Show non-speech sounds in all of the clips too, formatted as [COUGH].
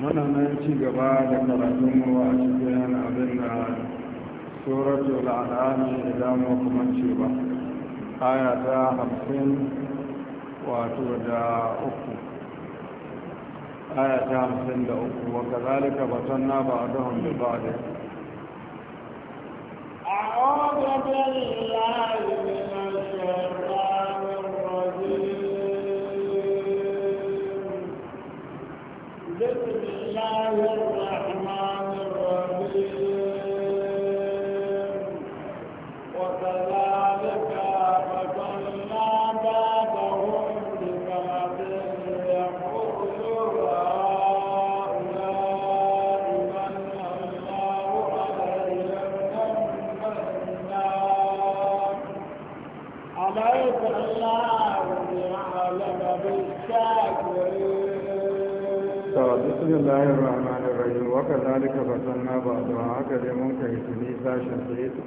muna nan ci gaba da karatun mu a cikin abin da suratul al'ami da mu kuma ce ba aya ta hamsin wato da uku aya ta hamsin da uku wa kazalika batanna ba'dahum bi ba'dih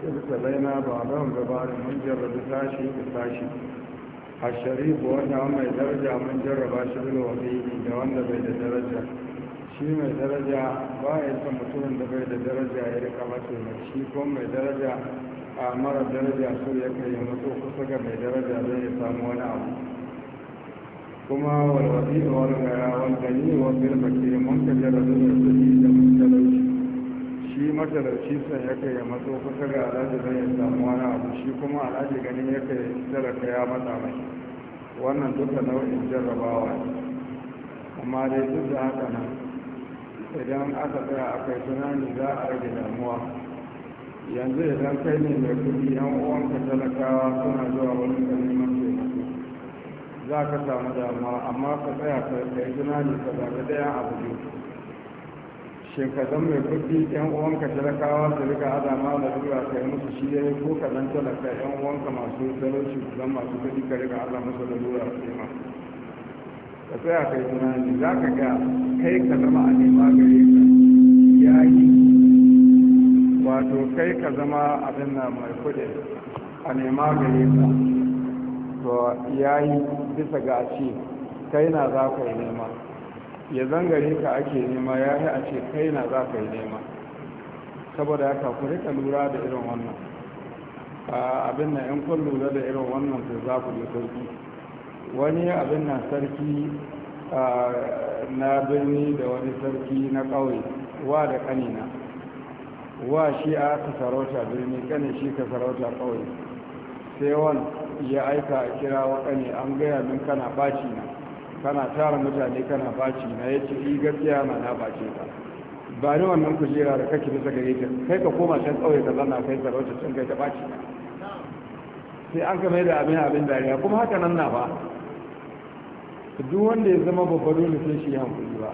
ابتلينا بعضهم ba من جرب ساشي بساشي الشريف وانا اما درجة من جرب اشبه الوفي جوانا بيد درجة shi mai daraja ba ya san mutumin da bai da daraja ya rika mace mai shi ko mai daraja a mara daraja so ya kai mutu kusa ga mai daraja zai ya samu wani abu kuma walwadi a wani gara wani gani wa bil bakiri mun kajar da zuwa da matalarci sun ya kai ya matso kusa ga alhaji don ya samu wani abu shi kuma alhaji ganin ya kai talaka ya mata mai wannan duka nau'in jarrabawa ne amma dai duk da haka nan idan aka tsaya a kai tunani za a rage damuwa yanzu idan kai ne mai kudi yan uwanka talakawa suna zuwa wani neman mace za ka samu damuwa amma ka tsaya kai yi tunani ka zaɓi ɗayan abu biyu shin mai kudi yan uwanka talakawa su rika hada ma da zuwa ka yi musu shi yayi ko ka zan talaka yan uwanka masu talauci don masu kudi ka rika hada musu da zuwa su yi ma ka tsaya kai tunani za ka ga kai ka zama a nema gare ka yi wato kai ka zama abin na mai kudi a nema gare ka to ya yi bisa ga ce kai na za ka yi nema ya zangare ka ake nema ya yi a ce kai na za ka yi nema saboda ya ku rika lura da irin wannan abin na yan kun lura da irin wannan to za ku da wani abin na sarki na birni da wani sarki na ƙauye wa da ƙanina wa shi a ka sarauta birni ƙane shi ka sarauta ƙauye sai wani ya aika a kira wa ƙane an gaya min kana bacina. na kana tara mutane kana baci na ya ce yi eh, gaskiya ma na bace ka ba ni wannan kujera da kake bisa gare ta kai ka koma can tsaye ka zanna kai sarauta can kai ta baci sai an kame da abin abin dariya kuma haka nan na ba duk wanda ya zama babban dole sai shi hankuli ba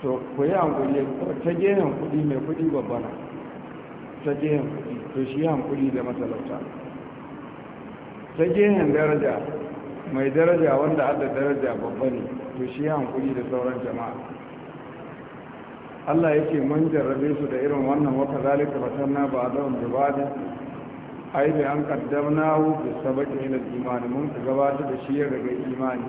to ku yi hankuli ta gehen kuɗi mai kuɗi babba na ta gehen kuɗi to shi hankuli da matalauta ta gehen daraja mai daraja wanda hada daraja babba ne to shi ya hankuli da sauran jama'a Allah yake mun jarrabe su da irin wannan waka zalika batanna ba da da. ai da an kaddamnahu bi sabaqi ila al-iman mun gabata da shi daga imani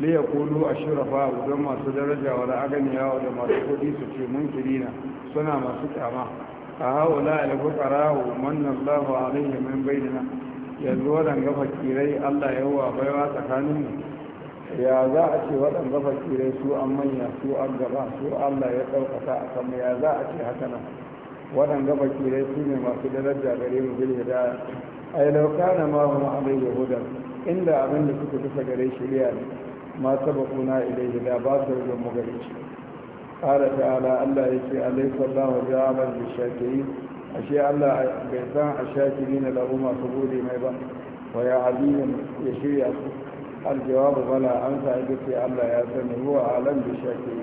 li yaqulu ashrafa wa masu daraja wa agani da masu kudi su ce mun kirina suna masu kyama a haula al-fuqara wa manna Allahu alaihi min bainina yanzu waɗanda fakirai allah ya yawa baiwa tsakanin mu ya za a ce waɗanda fakirai su an manya su an gaba su allah ya ɗaukaka a kan ya za a ce haka nan Waɗanga fakirai su ne masu daraja gare mu bil hidaya ai lauka na ma hum alai yahuda inda abin da suka kusa gare shari'a ne ma sabaquna ilai hidaya ba su da mu gare shi qala ta'ala allah yace alaysa allah ja'ala lishaqiyyin ashe Allah bai san a shakiri na lagu masu gode mai ba wa ya ya shirya su jawabu bala an sa ita ce Allah ya sani ruwa alam da shakiri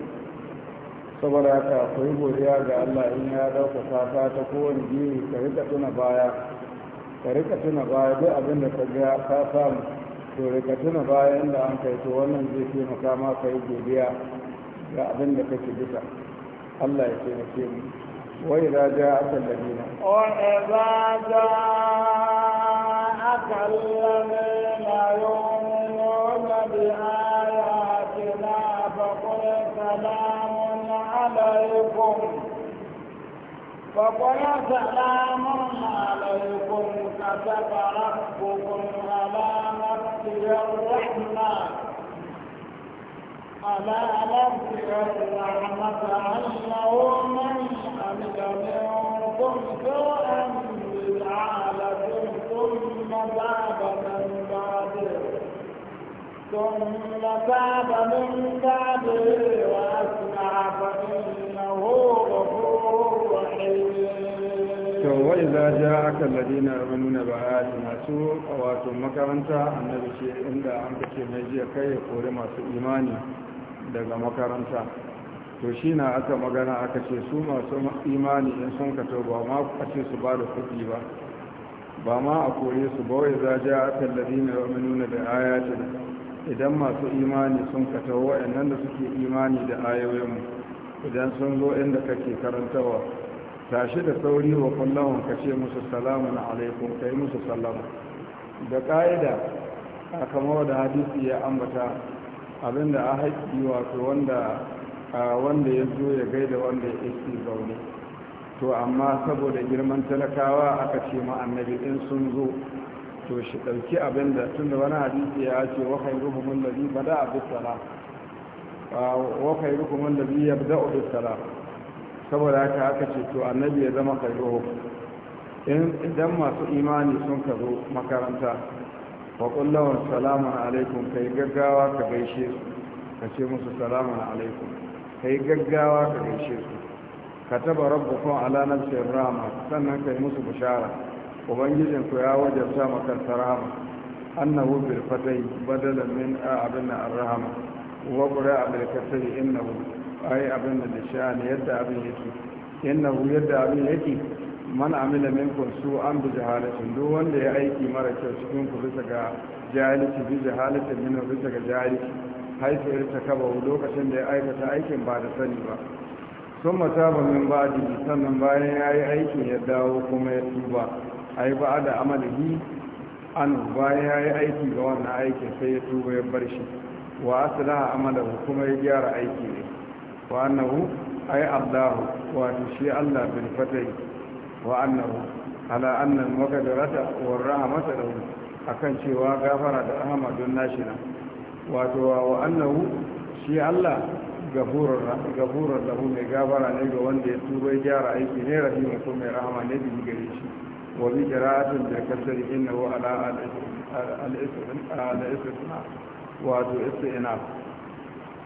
saboda haka ku yi godiya ga Allah in ya ɗaukaka ta ta kowane gini ka rika tuna baya ka rika tuna baya duk abin da ka ga ka samu to rika tuna baya inda an kai to wannan zai taimaka ma ka yi godiya ga abin da kake bisa Allah ya taimake mu وإذا جاءك الذين وإذا جاءك الذين يؤمنون بآياتنا فقل سلام عليكم فقل سلام عليكم كتب ربكم على نفسه الرحمة ألا نذكر رحمة أنه من عمل منكم سوءا بدعالة ثم تاب من بعد ثم تاب من بعد وأسمع فإنه غفور رحيم وإذا جاءك الذين يؤمنون بآياتنا سوء أو أنت النبي شيء عند أنك في يجي كي يقول ما في إيماني daga makaranta to shi na aka magana aka ce su masu imani in sun kato ba ma a ce su ba da kuɗi ba ba ma a kore su ba wai za ja aka ladina wani nuna da ce idan masu imani sun ka wa'annan da suke imani da ayoyinmu idan sun zo inda kake karantawa tashi da sauri wa kullum ka ce musu salamun alaikum kai musu sallama da ka'ida a kama da hadisi ya ambata abinda a haƙƙi wato wanda ya zo ya gaida wanda ya iske zaune to amma saboda girman talakawa aka ce ma'annabi in sun zo to shi ɗauki abinda tun da wani hadisi ya ce wa kai ruhumun da bi bada a bisala wa kai ruhumun da bi ya bada a bisala saboda haka aka ce to annabi ya zama kai ruhum idan masu imani sun ka zo makaranta faƙon salamun alaikum ka yi gaggawa ka gaishe su ka ce musu salamun alaikum ka yi gaggawa ka gaishe su ka taba rabu kan alanar sayin rama sannan ka yi musu bishara ubangijin ku ya wajabta makarta rama annahu bil fatai badalan min abin da na arhama wa qura bil kasri innahu ay abin da sha'ani yadda abin yake innahu yadda abin yake man amila minkum su an bi jahalatin duk wanda ya aiki mara kyau cikin ku bisa ga jahalatin bi jahalatin min bisa ga jahalatin haifu irta kaba lokacin da ya aikata aikin ba da sani ba sun mataba min da sannan bayan ya yi aikin ya dawo kuma ya tuba ai ba da amalihi an bayan ya yi aiki ga wannan aikin sai ya tuba ya bar shi wa a amalahu kuma ya gyara aiki ne wa annahu ai abdahu wato shi Allah bil fatai وأنه على أن المقدرة والرحمة له أكن شوى غفر أحمد الناشنا وأنه شيء الله gafurar lahu mai gabara ne ga wanda ya tuba ya gyara aiki ne rahimu ko mai rahama ne bin gare shi wa bi da kasar inna wa ala al wato wa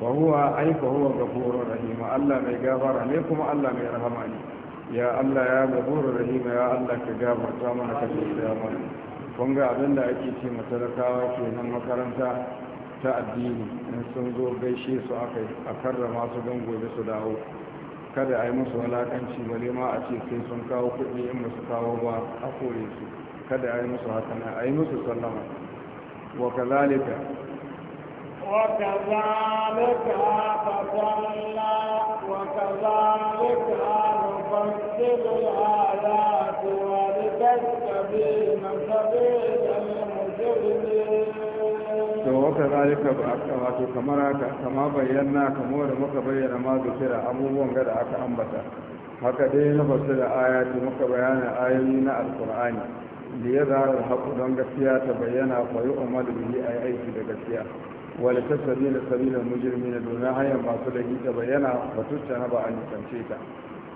wa huwa huwa Allah mai ne kuma Allah mai rahama ne ya Allah ya gaburu rahima ya Allah ka gabata mana ka tausaya mana kun ga abin da ake ce matalakawa kenan makaranta ta addini in sun zo gaishe su aka a karrama su don gobe su dawo kada a yi musu walakanci bale ma a ce sai sun kawo kuɗi in musu kawo ba a kore su kada a yi musu haka a yi musu sallama wa kazalika وكذلك Wa وكذلك وقدر الآيات ولتستبين سبيل to waka zalika ba aka wato kamar haka kama bayyana kamar da muka bayyana ma zukira abubuwan gada aka ambata haka dai na fasira ayati muka bayana ayoyi na alkur'ani da ya zarar haku don gaskiya ta bayyana kwayo umar da bihi a aiki da gaskiya wale ta sabi da sabi da mujirmi na domin hanyar masu da ta bayyana batucce na ba a nisance ta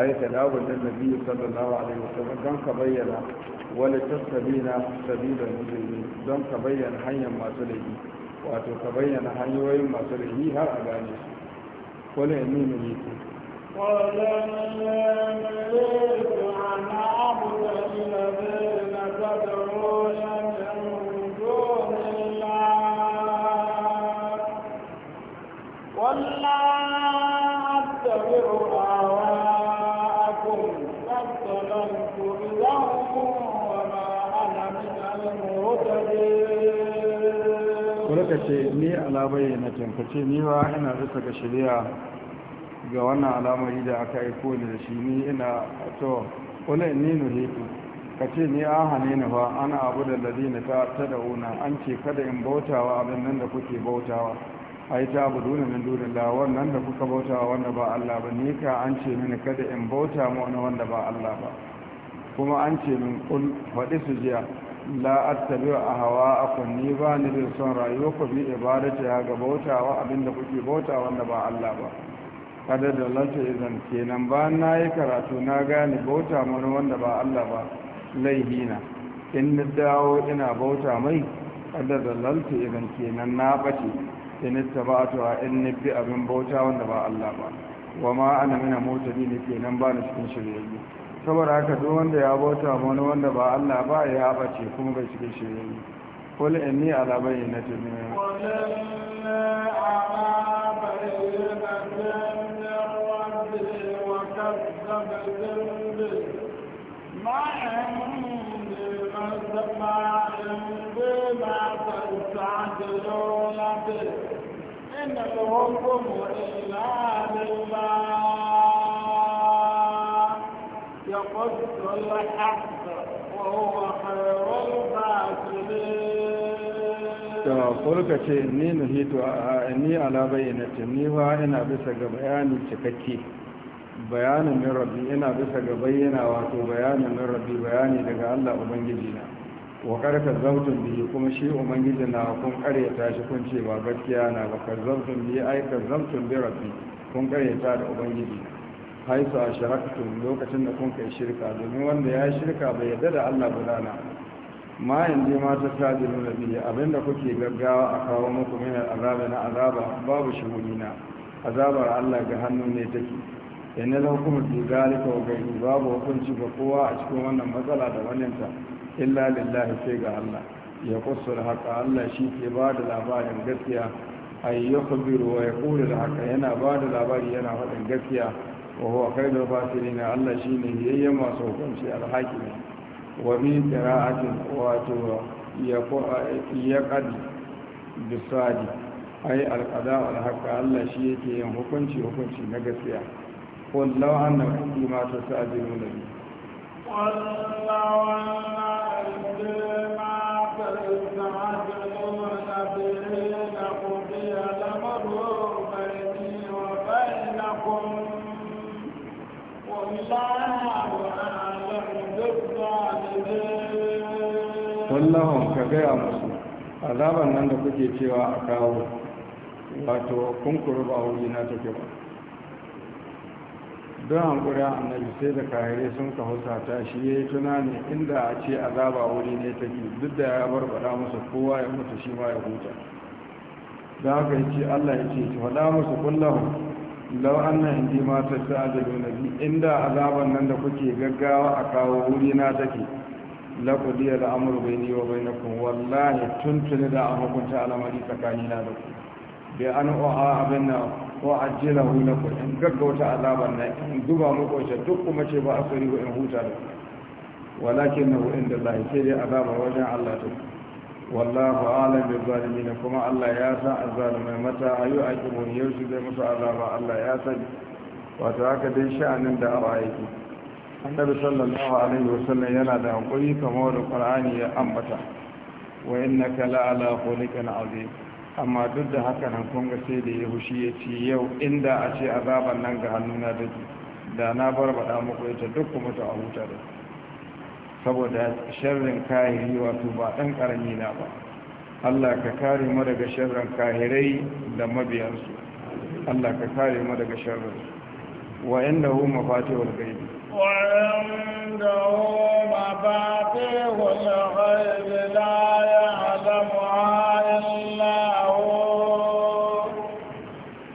أي تلاوة النبي صلى الله عليه وسلم دم كبين ولتستبين سبيل المسلمين دم كبين حيا ما سليه واتو حيا حيوي ما سليه هر أباني قل إني نهيت قل إني نهيت عن عبد الذين تدعون من دون الله والله kulka ce ni alamai na tankace ni wa ina bisa ga shirya ga wannan alamari da aka yi kone da shi ni ina to kone ni nuhitu ka ce ni an hane ni ba ana abu da ladina ta ta una an ce kada in bautawa abin nan da kuke bautawa ai ta abu duna min dunin la wannan da kuka bautawa wanda ba Allah ba ni ka an ce mini kada in bauta ma wani wanda ba Allah ba kuma an ce min kul faɗi su jiya la attabi'u ahwa'akum ni ba ni da son rayuwa ku bi ibadati ha ga bautawa abinda kuke bauta wanda ba Allah ba kada da lanta idan kenan ba na yi karatu na gane bauta mana wanda ba Allah ba laihina in na dawo ina bauta mai kada da lanta idan kenan na bace in ta ba ta in ni bi abin bauta wanda ba Allah ba wa ma ana mina mota ne kenan ba ni cikin shiryayye saboda haka duk wanda ya bauta wani wanda ba Allah ba ya bace kuma bai shiga shirye kul inni ala bayyinatin min إن الحكم إلا لله لقد الحق وهو خير الفاصلين kulka ce ni nuhitu a ni ala bayyanatin ni fa ina bisa ga bayanin cikakke bayanin min rabbi ina bisa ga bayyana wato bayanin min rabbi bayani daga Allah ubangiji na wa karka zautun biyu kuma shi ubangiji na kun karyata shi kun ce ba gaskiya na ba ka zautun biyu ai ka zautun bi rabbi kun karyata da ubangiji na haisu a sharakatun lokacin da kun kai shirka domin wanda ya yi shirka bai yadda da allah gudana ma yanzu mata ta sadi nuna biyu abinda kuke gaggawa a kawo muku min azaba na azaba babu na azabar allah ga hannun ne take yana da hukumar dugalika wa gari babu hukunci ga kowa a cikin wannan matsala da waninta illa lillahi sai ga allah ya kusa da haka allah shi ke ba da labarin gaskiya ay kubiru wa kuri da haka yana ba da labari yana faɗin gaskiya wa huwa khairul na Allah shine yayye masu hukunci alhakimi wa bi qira'atin wato ya ya qadi bisadi ai alqada alhaqa Allah shi yake yin hukunci hukunci na gaskiya qul law anna kunti ma tasadinu nabi qul law anna lahun ka gaya musu azaban nan da kuke cewa a kawo wato kunkuru ba wuri na take ba don hankuri annabi sai da kayayyar sun ka husata shi ya yi tunani inda a ce azaba wuri ne take duk da ya barbada musu kowa ya mutu shi ma ya huta da haka yi ce allah ya ce ki faɗa musu kullahun lau annan indi ma ta sa'adalu nabi inda azaban nan da kuke gaggawa a kawo wuri na take laƙudi da amur bai ni wa bai na kun wallahi tuntuni da an hukunta alamari tsakani na ku bai an o'a abin na ko ajiyar hu na ku in gaggauta azaban na in duba muku wace duk kuma ce ba a sori ko in huta da ku walakin na hu'in da lahi ke dai azabar wajen allah ta wallahu alam bi zalimi na kuma allah ya san azalimai mata ayu aiki kibon yau shi zai musu azaba allah ya sani wata haka dai sha'anin da awa yake annabi sallallahu alaihi wasallam yana da hankuri kamar da qur'ani ya ambata wa innaka la ala khuliqin azim amma duk da haka nan kun ga sai da ya hushi ya ce yau inda a ce azaban nan ga hannuna da da na bar bada muku ita duk kuma ta huta da saboda sharrin kahiri wato ba dan karami na ba Allah ka kare mu daga sharrin kahirai da mabiyansu Allah ka kare mu daga sharrin wa innahu mafatihul ghaibi وعنده لا يعلمها إلا هو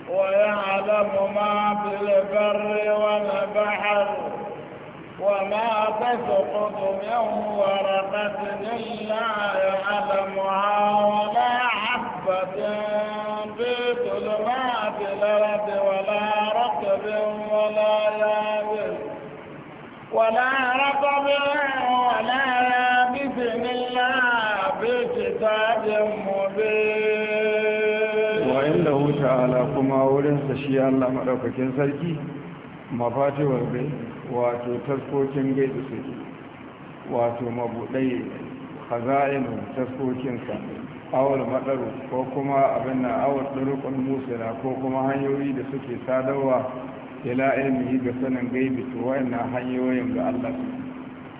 ويعلم ما في البر والبحر وما تسقط من ورقة إلا يعلمها wurinsa shi Allah maɗaukakin sarki mafatewar gai wato taskokin gai da suke wato mabuɗai haza'inu taskokinsa awal maɗaru ko kuma abin na awal ɗarukun musula ko kuma hanyoyi da suke sadarwa ila ilmi ga sanin gaibi to wayannan hanyoyin ga Allah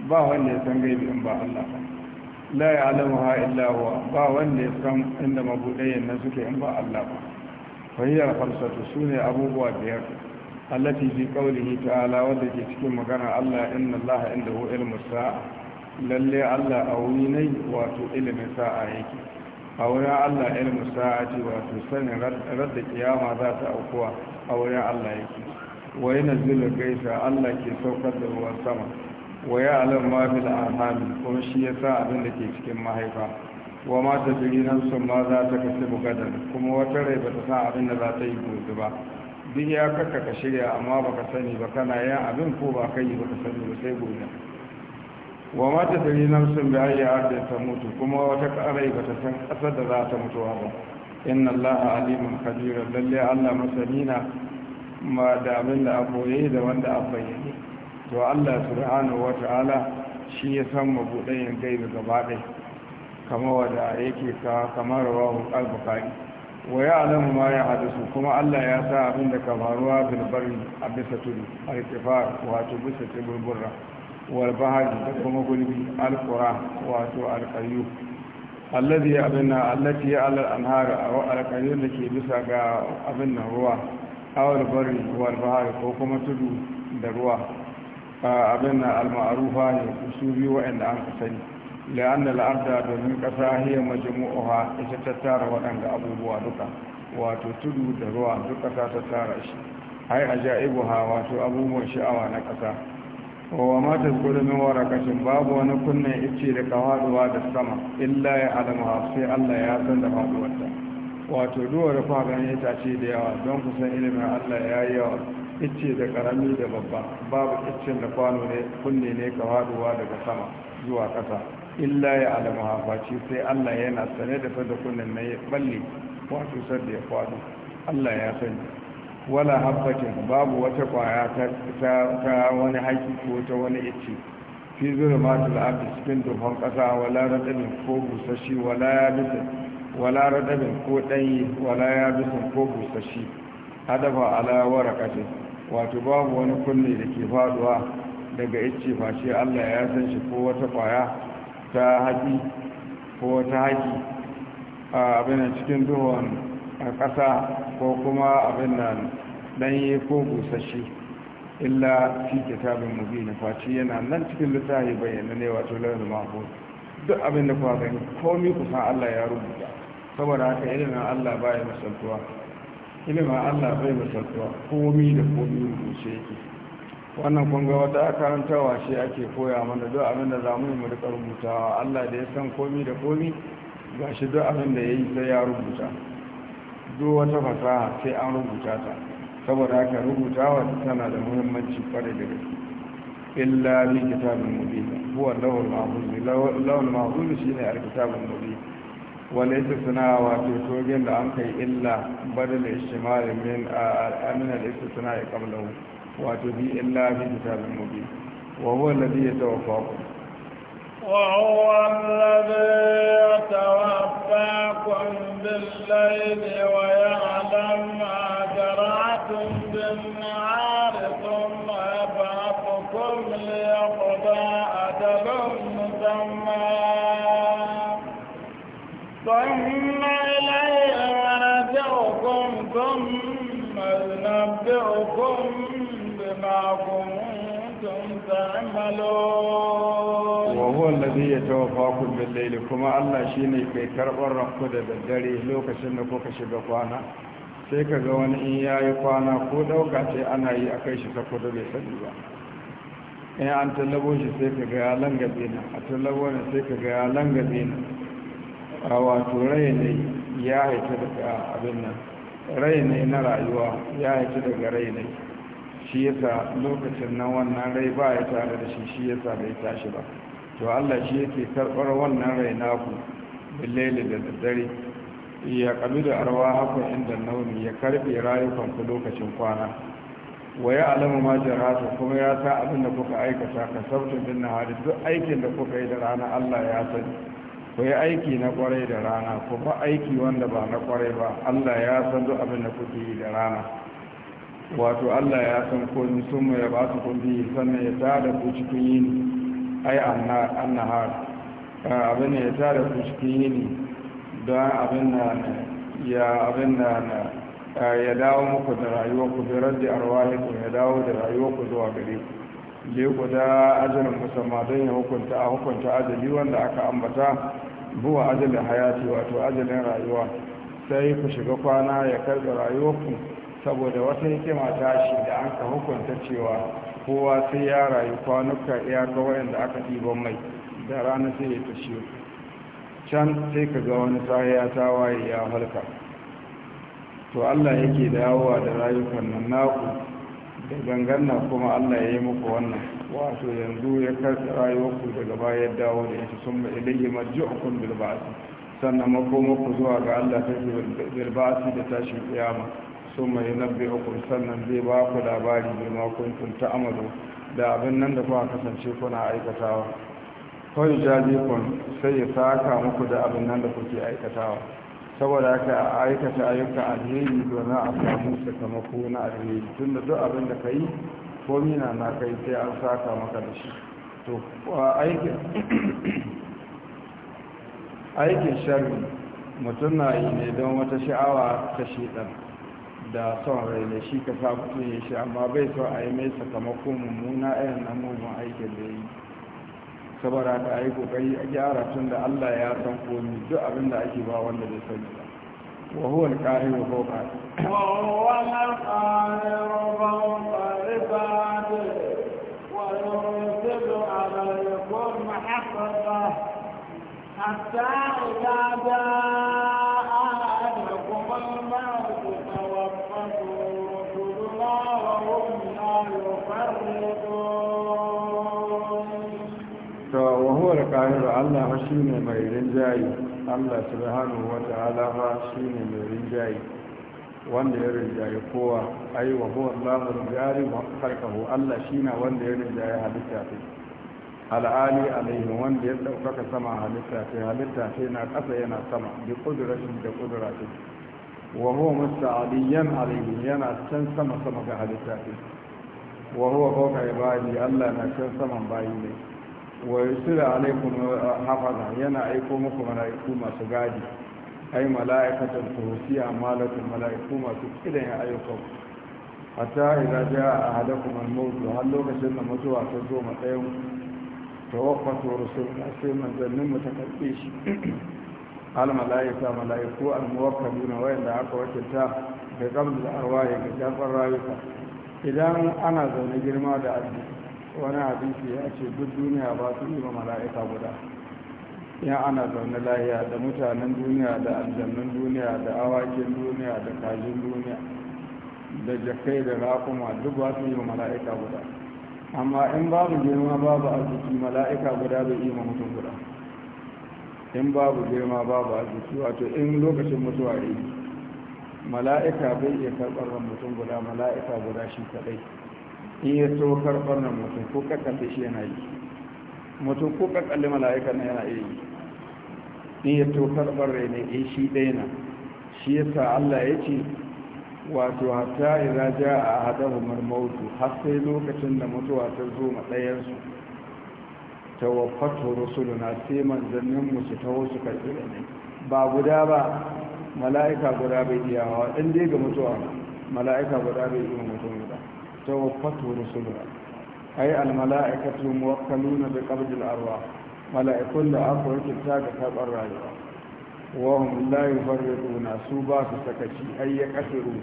ba wanda ya san gaibi in ba Allah ba la ya'lamuha illa huwa ba wanda ya san inda mabudayen nan suke in ba Allah ba fahiyar falsatu su ne abubuwa biyar allati fi qawlihi ta'ala wanda ke cikin magana Allah inna Allah indahu ilmu sa'a lalle Allah a wuri ne wato ilimin sa'a yake a wurin Allah ilmu sa'ati wato sanin radda kiyama za ta aukuwa a wurin Allah yake wa yanzilu gaisa Allah ke saukar da ruwan sama wa ya'lamu ma bil arham kuma shi sa abin da ke cikin mahaifa wa ma ta jiri nan sun ma za ta kashe bugadan kuma wata rai ba ta san abin da za ta yi gobe ba duk ya kaka ka shirya amma ba ka sani ba kana yin abin ko ba ka yi ba ka sani ba sai gobe wa ma ta jiri nan sun bi ayi da ta mutu kuma wata rai ba ta san ƙasar da za ta mutu ba inna allaha alimun Kadira, lalle allah na ma da abin da aboye da wanda a bayyane to allah subhanahu wa ta'ala shi ya san mabuɗayen gaibi gaba ɗaya kama wada yake ka kamar rawahu al-bukhari wa ya'lamu ma yahdusu kuma Allah ya sa abin da ka faruwa bil barri a bisa tudu al-tifar wato bisa tiburburra wal bahari da kuma gulbi al-qura wato al-qayyub alladhi abinna allati ala al-anhar aw al-qayyub da ke bisa ga abin nan ruwa aw al-barri wal bahari ko kuma tudu da ruwa abin nan al-ma'rufa ne su biyu wa'anda an sani la'anda la'arda domin kasa hiyar majamu'uwa ita tattara waɗanda abubuwa duka wato tudu da ruwa duk kasa tattara shi hai a wato abubuwan sha'awa na kasa wa ma ta gudu min babu wani kunnen ice da kawaduwa da sama illa ya adamu sai allah ya san da faduwarta wato duwa da kwa da yawa don kusan ilimin allah ya yi yawa ice da karami da babba babu icen da kwano ne kunne ne kawaduwa daga sama zuwa ƙasa. illa ya alama face sai Allah yana sane da fada kullun na ya balle wato sadda ya faɗo Allah ya sani wala habbatin babu wata ƙwaya ta wani haki ko ta wani ice fi zulmatul ardi cikin duhon kasa wala radabin ko busashi wala ya yabisin wala radabin ko danyi wala ya yabisin ko busashi hadafa ala waraqatin wato babu wani kunne da ke faɗuwa. daga ice face Allah ya san shi ko wata ƙwaya. ta haƙi ko ta haƙi abin cikin duhun ƙasa ko kuma abin nan ɗanye ko busashi illa fi kitabin mubi na faci yana nan cikin littafi bayyana ne wato lauyin mako duk abin da kuwa gani komi kusan allah ya rubuta saboda haka ilimin allah baya misaltuwa ilimin allah bai misaltuwa komi da komi rubuce yake wannan kunga wata karantarwa shi ake koya mana duk abin da za mu yi murka rubutawa allah da ya san komi da komi ga shi duk abin da ya yi sai ya rubuta duk wata fasaha sai an rubuta ta saboda haka rubutawa tana da muhimmanci kwarai da gaske illa bi kitabin mubin huwa lawal mahfuz lawal mahfuz shine alkitabun mubin wal istisna wa to togen da an kai illa badal istimal min amina suna ya qablahu wato إلا في كتاب مبين وهو الذي يتوفاكم وهو الذي يتوفاكم بالليل ويعلم ما جرعتم بالنهار ثم يبعثكم ليقضى أجل مسمى ثم إليه مرجعكم ثم ينبئكم بما كنتم تعملون وهو الذي يتوفاكم بالليل كما الله شيني كي كربر رفكو دا da لو كشنكو كشبقوانا sai ka ga wani in ya yi kwana ko ɗauka ce ana yi a kai shi sakwado bai sani ba in an tallabo shi sai ka ga ya langabe na a tallabo ne sai ka ga ya langabe na a wato rai ne ya haifi daga abin nan rai ne na rayuwa ya haifi daga rai ne shi yasa lokacin na wannan rai ba ya tare da shi shi yasa bai tashi ba to Allah shi yake karɓar wannan rai naku billaili da daddare ya kabi da arwa haka inda nauni ya karɓe rayukan ku lokacin kwana waya ya alamu ma jarata kuma ya sa abin da kuka aikata ka sabtun bin nahari duk aikin da kuka yi da rana Allah ya sani ku yi aiki na kwarai da rana kuma aiki wanda ba na kwarai ba Allah ya san duk abin da kuke yi da rana wato Allah ya san kun sun ya ba su kun sannan ya tada ku cikin yini ai annahar abin ya tada ku cikin yini don abin na ya abin na ya dawo muku da rayuwa ku da raddi ku ya dawo da rayuwa ku zuwa gare ku da ku da ajalin musamma don ya hukunta a hukunta ajali wanda aka ambata buwa ajalin hayati wato ajalin rayuwa sai ku shiga kwana ya karɓi rayuwarku saboda wata hikima ta shi da an ka hukunta cewa kowa sai ya rayu kwanuka ya ga da aka ɗiban mai da rana sai ya tashi can sai ka ga wani sahiya ta waye ya halka to allah yake dawowa da rayukan nan naku da ganganna kuma allah ya yi muku wannan wato yanzu ya karsa rayuwarku daga bayan dawo da yake sun mai ilayi marji'ukun bilba'asi sannan makomarku zuwa ga allah ta bilba'asi da tashin kiyama sun mai nabbi uku sannan zai ba ku labari mai makuntun ta da abin nan da kuma kasance kuna aikatawa kawai jaji kun sai ya saka muku da abin nan da kuke aikatawa saboda ka aikata ayyukan alheri domin a samu sakamako na alheri tun da duk abin da ka yi ko mina na kai sai an saka maka da shi to aikin sharri mutum na yi ne don wata sha'awa ta ɗan. da son rai ne shi ka sa mutum ya shi amma bai so a yi mai sakamakon mummuna irin na mugun aikin da yi saboda a yi kokari a gyara tun da allah ya san komi duk abin da ake ba wanda bai sani ba وهو القاهر فوق وهو القاهر حتى إذا جاء to wahuwa da ƙahiru allah shi ne mai rinjaye allah subhanahu wa ta'ala ma shi ne mai rinjaye wanda ya rinjaye kowa ai wahuwa allah rinjaye harkahu allah shi na wanda ya rinjaye halitta ta al'ali alaihi wanda ya ɗaukaka sama halitta ta halitta ta na ƙasa yana sama da ƙudurashin da ƙudurashin wahuwa musta'aliyan alaihi yana can sama sama ga halitta ta wa huwa fawqa ibadi Allah na kan saman bayi ne wa yusira alaikum uh, hafaza yana aiko muku mala'iku masu gadi ai mala'ikatan turusiya malakul mala'iku masu kidan ya ayyukan hatta idza jaa ahadakum al-maut har lokacin da mutuwa ta zo matsayin tawaffatu rusulna sai manzannin mu ta karbe shi al mala'ika mala'iku al muwakkaluna wa'anda aka wakilta da qabl al ga jafar rayuka idan ana zaune girma da abu wani hadisi ya ce duk duniya ba su yi mala'ika guda ya ana zaune lahiya da mutanen duniya da aljannun duniya da awakin duniya da kajin duniya da jakai da rakuma duk ba su yi mala'ika guda amma in babu girma babu arziki mala'ika guda bai yi mutum guda in babu girma babu arziki wato in lokacin mutuwa yi mala'ika bai iya karɓar ran mutum guda mala'ika guda shi kaɗai in ya so karɓar ran mutum ko kakkalle shi yana yi mutum ko kakkalle mala'ika na yana iya yi in ya so karɓar rai ne in eh, shi ɗaya na shi yasa allah ya ce wato hatta a jaa ahaduhumul maut har sai lokacin da mutuwa ta zo ma ɗayan su tawaffatu rusuluna sai manzannin mu su tawo su karbi ne ba guda ba mala'ika guda bai iya hawa ɗan dai ga mutuwa mala'ika guda bai iya mutum guda ta wafatu rusuluna ai almala'ikatu muwakkaluna bi qabdil arwa mala'ikun da aka ta ga karɓar rayuwa wa hum la yufarriquna su ba su sakaci ai ya kasiru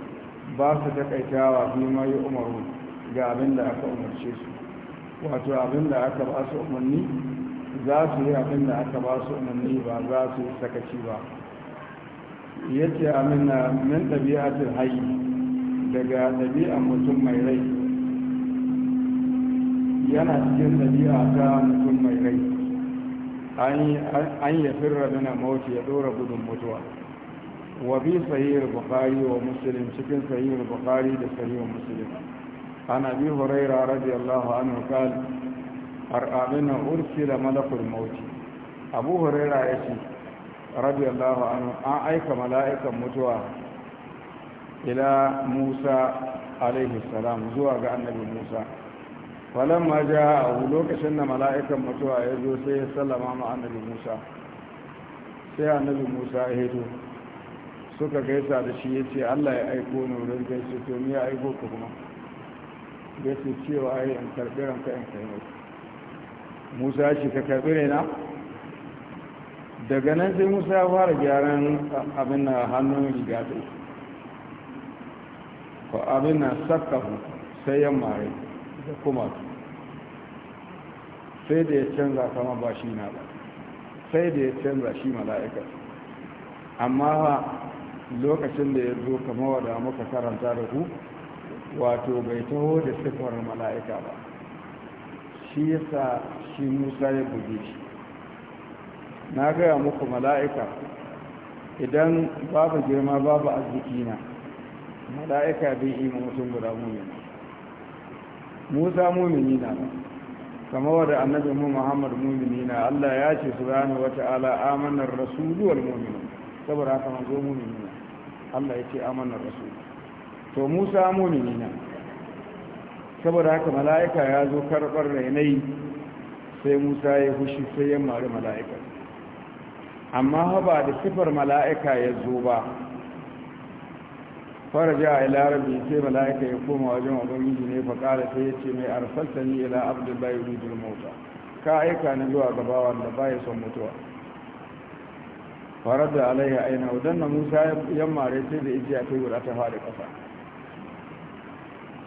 ba su takaitawa bi ma ya umaru ga abin da aka umarce su wato abin da aka ba su umarni za su yi abin da aka ba su umarni ba za su yi sakaci ba ya ce amina min ɗabi'atul hayi daga ɗabi'an mutum mai rai yana cikin ɗabi'a ta mutum mai rai an ya firra mina mawuce ya ɗora gudun mutuwa wa bi sahihul bukhari wa muslim cikin sahihul bukhari da sahihul muslim an abi hurairah radiyallahu anhu qala ar'abina ursila malakul maut abu hurairah yace radiyallahu anhu an aika mala'ikan mutuwa ila musa alaihi salam zuwa ga annabi musa ma ja a lokacin da mala'ikan mutuwa ya zo sai ya sallama ma annabi musa sai annabi musa ya hito suka gaisa da shi ya ce allah ya aiko ni wurin gaisa to ni ya aiko ka kuma gaisa cewa ya yi in karɓi ranka in kai musa ya ce ka karɓi raina daga nan sai musa ya fara gyaran abin na hannun riga ko abin na sakahu sai ya mare da kuma sai da ya canza kama ba shi na ba sai da ya canza shi mala'ika amma lokacin da ya zo kama wada muka karanta da ku wato bai taho da sifar mala'ika ba shi yasa shi musa ya buge shi na gaya muku mala'ika idan babu girma babu arzikina mala'ika bai ima mutum guda mumina musa mumini na kama wadda annabi mu muhammad mumini na allah ya ce su rana ala amanar rasuluwar mumini saboda haka manzo mumini na allah ya ce amanar rasulu to musa mumini na saboda haka mala'ika ya zo karɓar rainai sai musa ya hushi sai ya mari mala'ikar amma ba da sifar mala'ika ya zo ba faraja a larabi sai mala'ika ya koma wajen ubangiji ne fa kara sai ya ce mai arsalta ni ila abdullahi rijul mota ka aika ni zuwa gabawa da baya son mutuwa farar da alaiya aina wadan na musa yan mare sai da ijiya ta guda ta fara kasa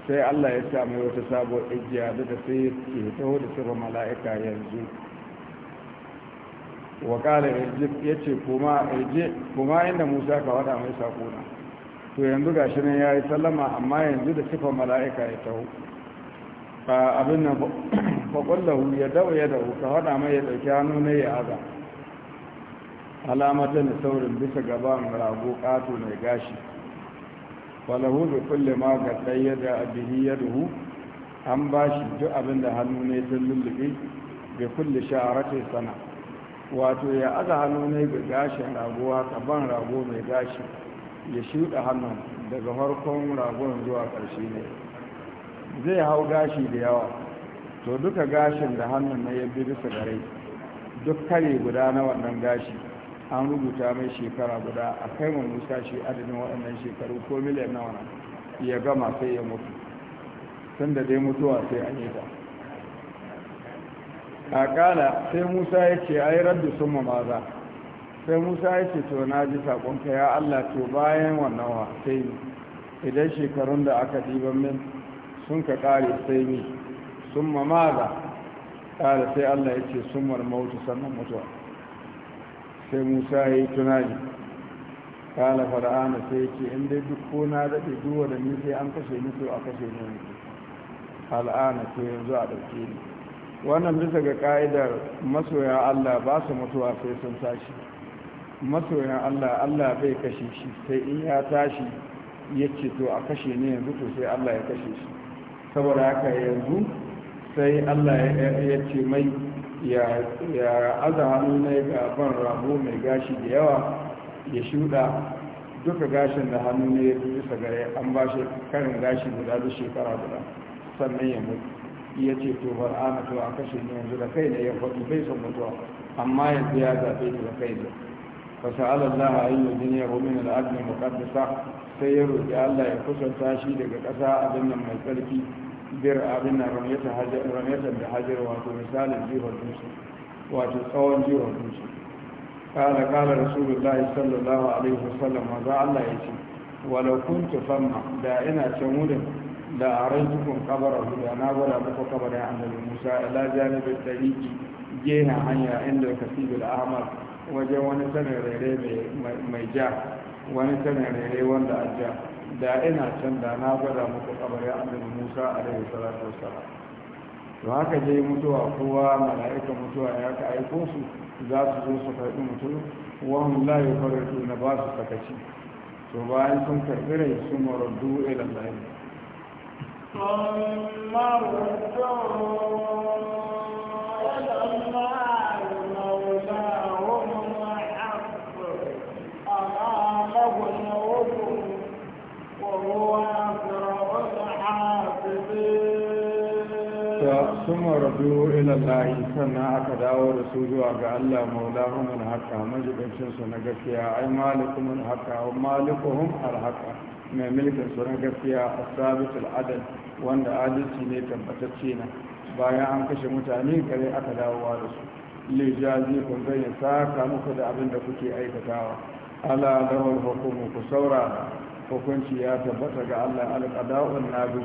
sai allah ya sa wata sabuwar ijiya da sai ke taho da sifar mala'ika yanzu wa kala ya ce kuma inda musa ka wada mai sakona to yanzu ga shi ne ya yi sallama amma yanzu da sifar mala'ika ya taho abin nan [CLEARS THROAT] faƙullahu ya dawo ya dawo ka wada mai ya ɗauki hannu ne ya aza alamatan saurin bisa gaban rago ƙato mai gashi falahu bi kulle ma ga tsaye da abihi ya duhu an ba shi duk abin da hannu ne sun lullube bi kulli sha'aratin sana wato ya aza hannu ne ga gashin raguwa ban rago mai gashi ya shuɗa hannun daga farkon ragon zuwa ƙarshe ne zai hau gashi da yawa to duka gashin da hannun na bi bisa gare duk kare guda na wannan gashi an rubuta mai shekara guda a kai mai musa shi adadin waɗannan shekaru ko miliyan nawa ya gama sai ya mutu tun dai mutuwa sai an yi ta a kala sai musa ya ce a yi raddu sun maza sai musa ya ce to na ji saƙonka ya allah to bayan wannan wa sai ni idan shekarun da aka ɗiban min sun ka ƙare sai ni sun maza ƙala sai allah ya ce sun marmautu sannan mutuwa sai musa ya yi tunani kala fara'ana sai ce in dai duk ko na daɗe duwa da nufi sai an kashe ni a kashe nufi al'ana to yanzu a ɗauke ni wannan bisa ga ka'idar masoya Allah ba su mutuwa sai sun tashi masoya Allah Allah bai kashe shi sai in ya tashi ya ce to a kashe ne yanzu to sai Allah ya kashe shi saboda haka yanzu sai Allah ya ce mai ya aza hannu na ga ban rago mai gashi da yawa ya shuɗa duka gashin da hannu ne bisa gare an ba shi karin gashi guda duk shekara guda sannan ya mutu ya ce to bar ana to a kashe ni yanzu da kai da ya faɗi bai son mutuwa amma yanzu ya zaɓe ni da kai ne fa sa'ala Allah an yudini ya min al-ard muqaddasa sai ya roki Allah ya kusanta shi daga ƙasa abin nan mai tsarki bir abin nan ramyata da hajar wato misalin jihar dutse wato tsawon jihar dutse kala kala rasulullahi sallallahu alaihi wasallam maza Allah ya ce walau kuntu famma da ina can wurin da a raikukun kabarahu da na gwada muku kabarin annabi musa ila janibin tariki gehen hanya inda kasibul ahmad wajen wani sanin rere mai ja wani sanin rere wanda a ja da ina can da na gwada muku kabarin annabi musa alaihi salatu wassalam to haka je mutuwa kowa mala'ika mutuwa ya ka aiko su za su zo su karɓi mutum wani layi yufarritu na ba su sakaci to bayan sun karɓi rai su maraddu ila Allah ثم ارجعوا sun marabu ilallahi sannan aka dawo da su zuwa ga Allah maulahumun haka majibincinsu na gaskiya ai malikumun haka wa malikuhun alhaka mai mulkinsu na gaskiya a sabitul adal wanda adalci ne tabbatacce na bayan an kashe mutane kare aka dawo da su lijazi kun zai saka muku da abin da kuke aikatawa ala lawal hukumu ku saura hukunci ya tabbata ga Allah alqada'un nabi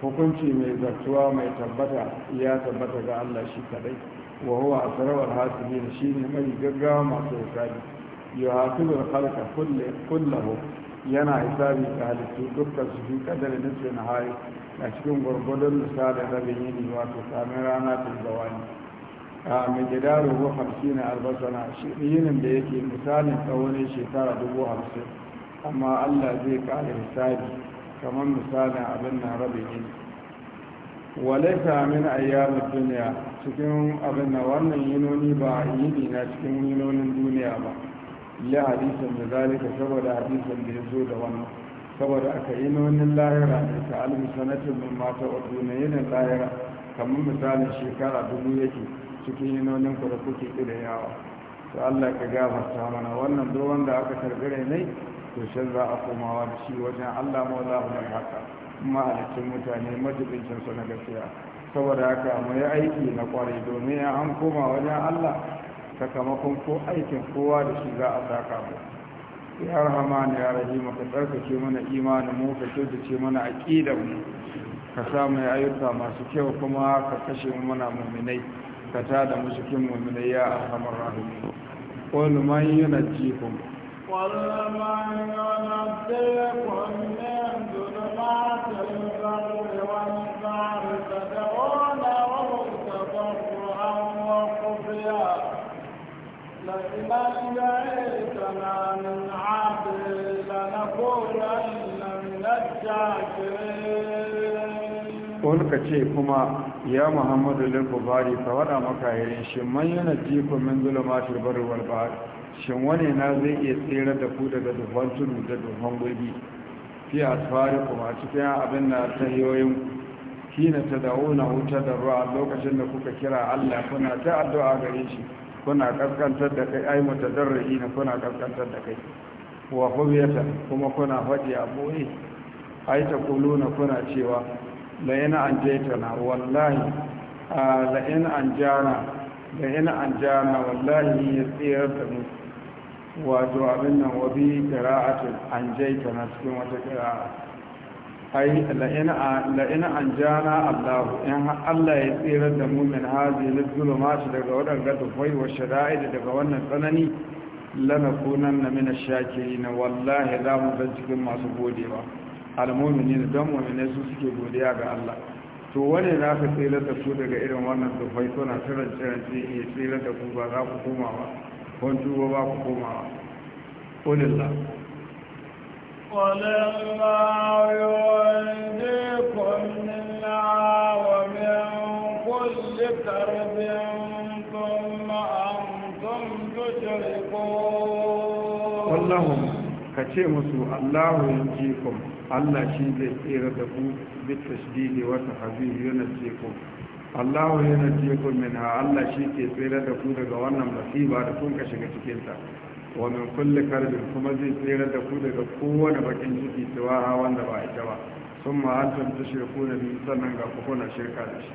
hukunci mai zartuwa mai tabbata ya tabbata ga Allah shi kadai wa huwa asrawal hasibin shine mai gaggawa masu hisabi yuhasibul khalqa kullahu yana hisabi ga halittu dukkan su duka da na hari a cikin gwargwadon misalin rabin yini wato kamin rana tun zawani a mai gida ko hamsin albasana yinin da yake misalin tsawon shekara dubu hamsin amma Allah zai kare hisabi kamar misalin abin na rabin walaita min ayyamin duniya cikin abin na wannan yinoni ba yini na cikin yinonin duniya ba ya hadisan da zalika saboda hadisan da ya zo da wannan saboda aka yi yinonin lahira ne ta alim sanatin min mata wa duniyanin lahira kamar misalin shekara dubu yake cikin yinonin ku da kuke ƙidayawa to allah ka gafarta mana wannan duk wanda aka karbi ne to za a komawa da shi wajen allah maula mai haka mahalicin mutane majibincin su na gaskiya saboda haka mu yi aiki na kwarai domin an koma wajen allah sakamakon ko aikin kowa da shi za a saka mu ya rahama rahman ya rahima ka tsarkake mana imanin mu ka kyautace mana aqidar mu ka sa mai ayyuka masu kyau kuma ka kashe mu mana mu'minai ka tada mu cikin mu'minai ya arhamar rahim qul man yunjikum ولا من ينبئكم من ظلمات البر والبحر تدعونه تضرعا وخفيا لئن أنجيتنا من عبد لنكونن من الشاكرين kun ka ce kuma ya muhammadu lil-bukhari ka wada maka yayin shi man yana jiko min zulumati barri wal bahr shin wani na zai iya tsere da ku daga dubban tudu da dubban gulbi fi asfari kuma cikin abin da ta yoyin hina ta da'una wuta da ruwa lokacin da kuka kira Allah kuna ta addu'a gare shi kuna kaskantar da kai ai mutadarri ne kuna kaskantar da kai wa hubiyata kuma kuna faɗi a boye ai ta kuluna kuna cewa la'in an jaitana wallahi la'in an jana la'in an jana wallahi ya tsayar da mu wato abin nan wabi kira'atin an jaitana cikin wata kira'a ai la'in an jana allahu in allah ya tsayar da mu min hazi na zulma shi daga waɗanda dufai wa shara'i daga wannan tsanani lanakunan na mina shakiri na wallahi za mu zan cikin masu godewa da don mummune su suke godiya ga Allah to wane za ka tsira da su daga irin wannan tufai suna tsirin tsirin ya tsira da ku ba za ku koma ba kun tuba ba ku koma ba ƙulillah ƙulillah yawanci kunnina wa min kulli karbin Allah shi zai tsere da ku bit tashdidi wa tahzib yunjikum Allah yunjikum minha Allah shi ke tsere da ku daga wannan masiba da kun ka shiga cikin ta wa min kulli karbin kuma zai tsere da ku daga kowane bakin ciki ha wanda ba ya ba sun an ta shirku da ni sannan ga kuna shirka da shi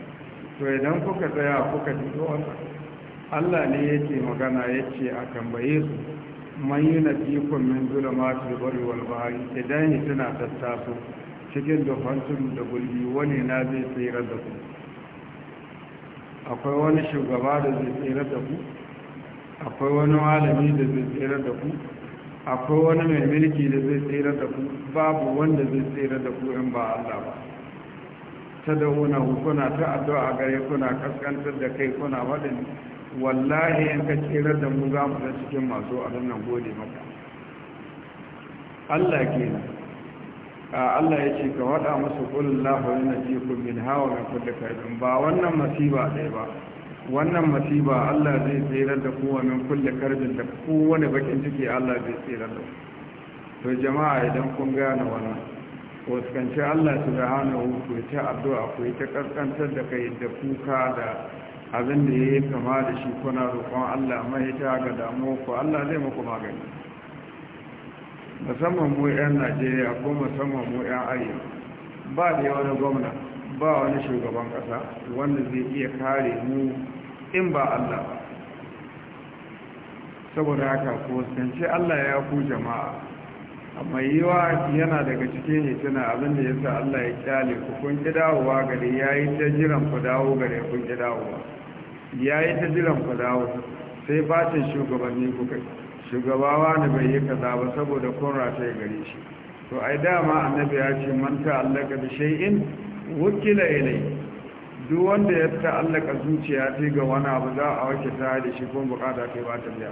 to idan kuka tsaya kuka ji wannan Allah ne yake magana yace a tambaye su man yi na fikun min zulamatul bari wal bahari idan yi tana tattaso cikin dufantun da gulbi wani na zai tsira da ku akwai wani shugaba da zai tsira da ku akwai wani malami da zai tsira da ku akwai wani mai mulki da zai tsira da ku babu wanda zai tsira da ku in ba Allah ba ta da wuna hukuna ta addu'a gare kuna kaskantar da kai kuna waɗanda wallahi in ka tsira da mu za mu da cikin masu abin nan gode maka Allah ke A Allah ya ce ka waɗa musu ƙulun lafarin na jikun min hawa mai kudu kaifin ba wannan masiba ɗaya ba wannan masiba Allah zai tsira da kowa min kulle karbin da kowane bakin ciki Allah zai tsira da to jama'a idan kun gane wannan fuskanci Allah subhanahu ku ta addu'a ku ta kaskantar da kai da kuka da abin da ya yi kama da shi kuna roƙon Allah mahita ga damuwa ku Allah zai muku magani musamman mu 'yan Najeriya ko musamman mu 'yan arewa ba da wani gwamna ba wani shugaban ƙasa wanda zai iya kare mu in ba Allah ba saboda haka ko sanci Allah ya ku jama'a amma yiwa yana daga cikin hituna abin da sa Allah ya kyale ku kun ki dawowa gare yi ta jiran ku dawo gare kun ki dawowa ya yi ta jiran fadawa sai bacin shugabanni kuka shugabawa ne bai yi kaza ba saboda kun rata ya gare shi to ai dama annabi ya ce man allaka da shay'in wukila ilai duk wanda ya allaka zuciya ta ga wani abu za a wake ta da shi kun bukata kai ba ta biya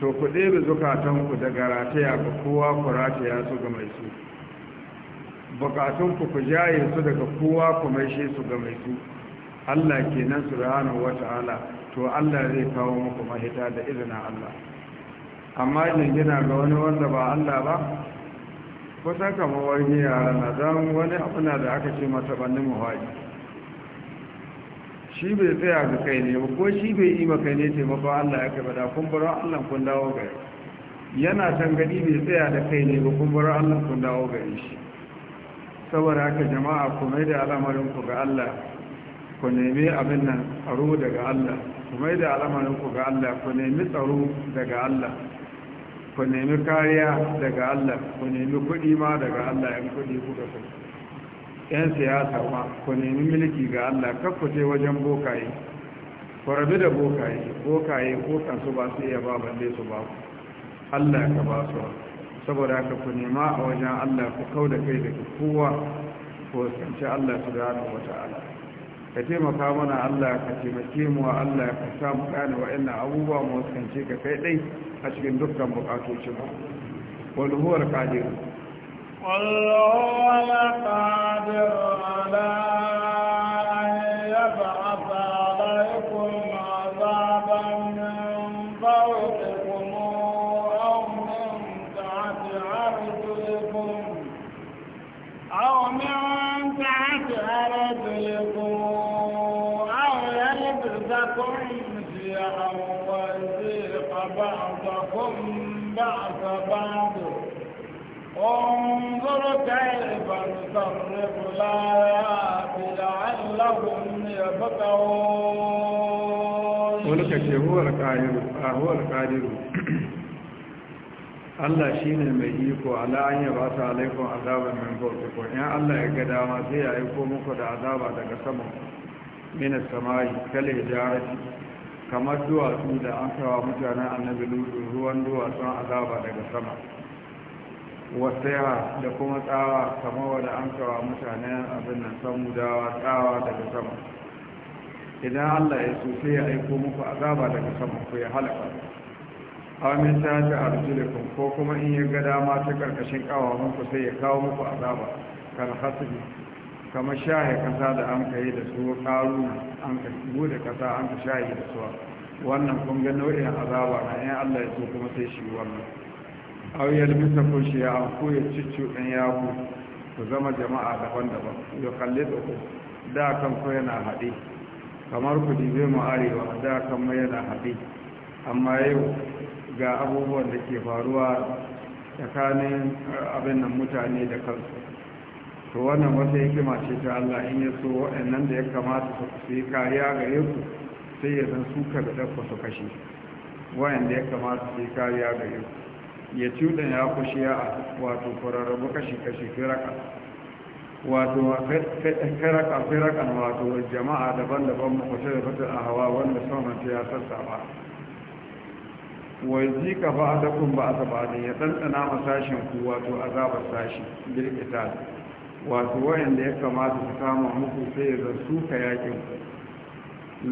to ku ɗebe zukatan ku daga rataya ga kowa ku rataya su ga mai su bukatun ku ku jaye su daga kowa ku shi su ga mai su Allah ke nan kenan subhanahu wata'ala to Allah zai kawo muku mahita da izinin Allah amma jingina ga wani wanda ba Allah ba kusan kamar wani yara na zan wani abuna da aka ce mata bannin muhaji shi bai tsaya ga kai ne ko shi bai yi maka ne taimakon Allah ya kai da kumburan Allah kun dawo gari yana can gani bai tsaya da kai ne ba kumburan Allah kun dawo gari shi saboda haka jama'a kuma da al'amarin ku ga Allah ku nemi abin nan tsaro daga Allah ku mai da al'amarin ku ga Allah ku nemi tsaro daga Allah ku nemi kariya daga Allah ku nemi kuɗi ma daga Allah yan kuɗi ku ga su yan siyasa ma ku nemi mulki ga Allah kar ku je wajen bokaye ku rabu da bokaye bokaye ko kansu ba su iya ba balle su ba ku Allah ka ba su saboda haka ku nema a wajen Allah ku kau da kai daga kowa ku sanci Allah su da wata ala. ka taimaka mana Allah ka taimake mu Allah ka sa mu gane wa'annan abubuwa mu tsance ka kai dai a cikin dukkan bukatocin mu wal huwa al-qadir wallahu al-qadir wani kashe huwar ƙadiru Allah shi ne mai iko ala'an ya ba su alaikon azabar min ko in Allah ya ga dama sai ya aiko muku da azaba daga saman minas samari kale jarati kamar duwatsu da an kawa mutanen annabi lutu ruwan duwatsun azaba daga sama wasaya da kuma tsawa kamar wadda an kawa mutanen abin nan dawa tsawa daga sama idan Allah ya so sai ya aiko muku azaba daga sama ku ya halaka amin ta ta arjulikum ko kuma in ya ga dama ta karkashin kawo ku sai ya kawo muku azaba kan hasibi kama shaye kasa da an kai da su karu an ka da kasa an ka shaye da su wannan kun ga nau'in azaba na in Allah ya so kuma sai shi wannan aw yalmisa ko shi ya an ko ya ciccu dan yaku ku zama jama'a daban-daban ya kalli da ku da kan ko yana haɗe kamar ku dibe mu arewa da kan mai yana haɗe amma yau ga abubuwan da ke faruwa tsakanin eh, abin nan mutane da kansu to wannan wata hikima ce ta Allah in ya so waɗannan da ya kamata su yi kariya gare ku sai ya san su ka da su kashe waɗanda ya kamata su yi kariya gare ku ya ya ku a wato kwararrabu kashi-kashi firaka wato firakan firakan wato jama'a daban-daban makwashe da fitar a hawa wanda saunanta ya ba wai ji ka ba da kun ba a sabanin ya ɗanɗana ma sashen ku wato azabar sashi birkitar wato wayanda ya kamata su kama muku sai ya zarsu ka yakin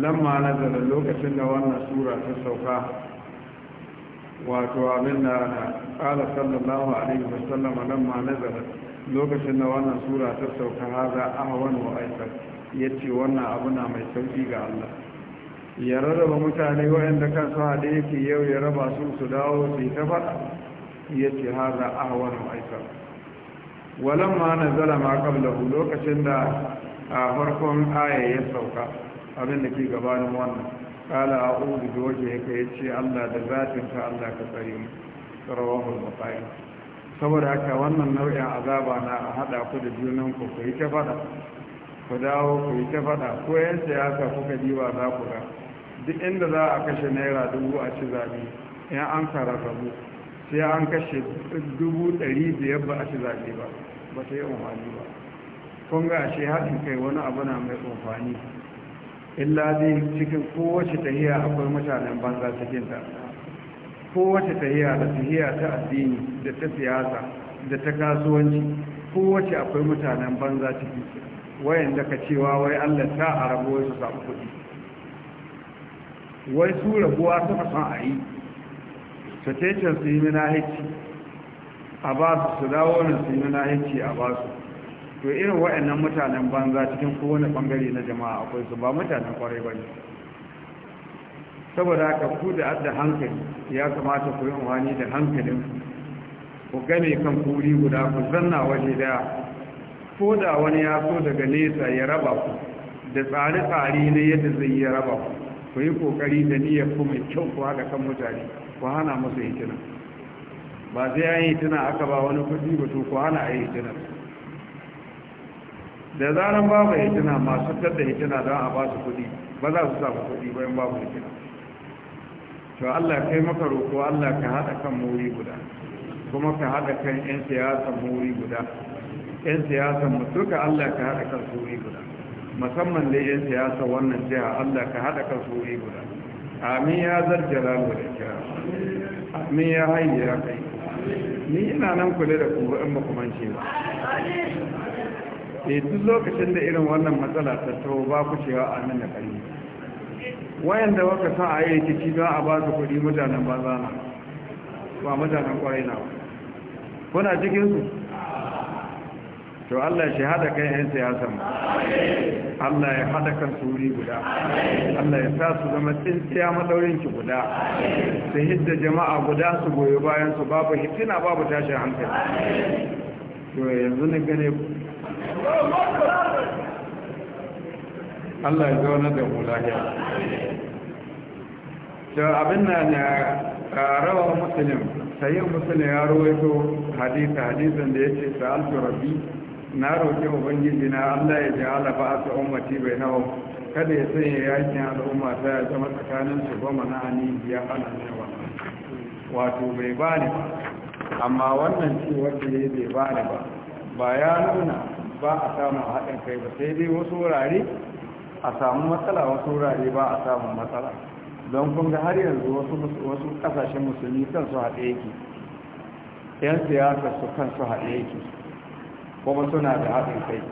lamma na zara lokacin da wannan sura ta sauka wato abin da na ƙala sallallahu alaihi wasallama lamma na zara lokacin da wannan sura ta sauka haza ahwan wa aisar ce wannan abu na mai sauki ga Allah ya rarraba mutane waɗanda kansu da yake yau ya raba su su dawo su ta faɗa yace haza ahwan wa aisar na nazala ma ku lokacin da a farkon aya ya sauka abin da ke gabanin wannan kala a uzu da waje ya ce allah da zatinka allah ka tsari mu rawahu saboda haka wannan nau'in azaba na a haɗa ku da junan ku ku yi ta faɗa ku dawo ku yi ta faɗa ko yan siyasa kuka diba za ku ga duk inda za a kashe naira dubu a ci zaɓe in an kararrabu sai an kashe dubu ɗari biyar ba a ci zaɓe ba ba ta yi umarni ba kun ga ashe haɗin kai wani abu na mai amfani illa dai cikin kowace tahiya akwai mutanen banza cikinta kowace tahiya da tahiya ta addini da ta siyasa da ta kasuwanci kowace akwai mutanen banza ciki wayan da ka cewa wai Allah ta a su samu kuɗi wai su rabuwa suka son a yi su tecen su yi minahici a ba su su dawo wani su yi minahici a ba su to irin wayannan mutanen banza cikin kowane bangare na jama'a akwai su ba mutanen kwarai ba ne saboda haka ku da adda hankali ya kamata ku yi amfani da hankalin ku game kan kuri guda ku zanna waje daya ko da wani ya so daga nesa ya raba ku da tsare-tsare na yadda zai yi raba ku ku yi kokari da niyyar ku mai kyau ku haɗa kan mutane ku hana musu hitina ba sai an hitina aka ba wani kuɗi ba to ku hana a hitina da zaran babu hitina masu tattar da hitina don a ba su kuɗi ba za su samu kuɗi bayan babu hitina to Allah kai maka roƙo Allah ka haɗa kan muri guda kuma ka haɗa kan 'yan siyasan muri guda 'yan siyasan mutuka, Allah ka haɗa kan muri guda musamman da 'yan siyasan wannan jiha Allah ka haɗa kan muri guda amin ya zarjara da kira amin ya haihu ya kai ni ina nan kula da kuma in makamanci ba e duk lokacin da irin wannan matsala ta taho ba ku cewa amin da ƙarfi wayanda waka sa a yi rikici za a ba su kudi mutanen banza na ba mutanen kwarai na kuna cikinsu to Allah shi hada kan 'yan siyasa mu Allah ya hada kan suri guda Allah ya sa su zama tsintsiya ki guda su hidda jama'a guda su goyi bayan su babu hitina babu tashin hankali to yanzu ni gane Allah ya zauna da mulahiya. da to abin na na rawar muslim sayin muslim ya rawaito hadisa hadisan da yace sa'altu rabbi na roƙi ubangiji na Allah ya ja'ala ba'at ummati nawa kada ya sanya yakin al'umma ta ya zama tsakanin su na mana'ani ya hana ne wato bai bani ba amma wannan ce wanda ya bai bani ba ba ya nuna ba a samun haɗin kai ba sai dai wasu wurare a samu matsala wasu wurare ba a samun matsala don kun ga har yanzu wasu kasashen musulmi kan su haɗe yake yan siyasa su kan su haɗe yake kuma suna da haɗin kai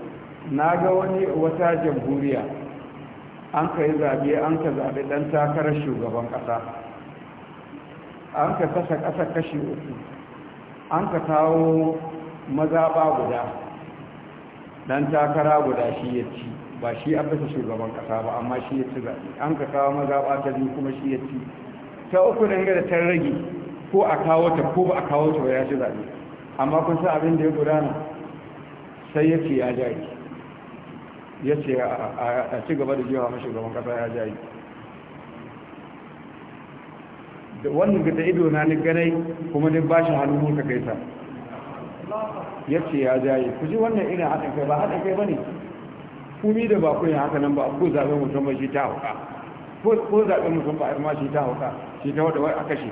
na ga wani wata jamhuriya an ka yi zaɓe an ka zaɓe ɗan takarar shugaban ƙasa an ka kasa ƙasa kashi uku an ka kawo mazaɓa guda ɗan takara guda shi ya ci ba shi an fasa shugaban kasa ba amma shi ya ci zaɓe an ka kawo mazaɓa ta zai kuma shi ya ci ta uku nan ga da ta rage ko a kawo ta ko ba a kawo ta ba ya ci zaɓe amma kun san abin da ya gudana sai ya ce ya jayi ya ce a ci gaba da mashi gaban kasa ya jayi da wannan ta ido na ni ganai kuma ni ba shi hannu mulka ta ya ce ya jayi ku ji wannan ina haɗin kai ba haɗin kai ba ne kumi da ba ya haka nan ba ko zaben mutum ba shi ta hauka ko zaben mutum ba ma shi ta hauka shi ta wadda wai aka shi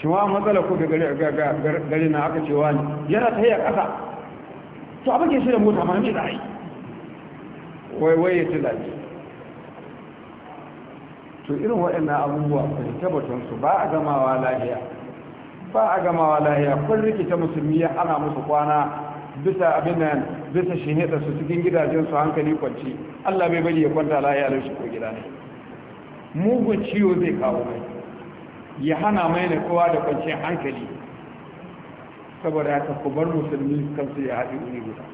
shi ma matsala ko ga gari na aka cewa ne yana ta yi a ƙasa to abin ke shi da mota ma ne da yi wai wai ya ci zaɓe to irin waɗannan abubuwa tabbatar su ba a gamawa lahiya ba a gamawa lahiya kun rikita musulmi ana musu kwana bisa abin nan bisa shehida su cikin gidajen su hankali kwanci Allah bai bari ya kwanta la ya shi ko gida ne mugun ciwo zai kawo mai ya hana mai ne kowa da kwanciyar hankali saboda haka ku bar musulmi kansu ya haɗi wuri guda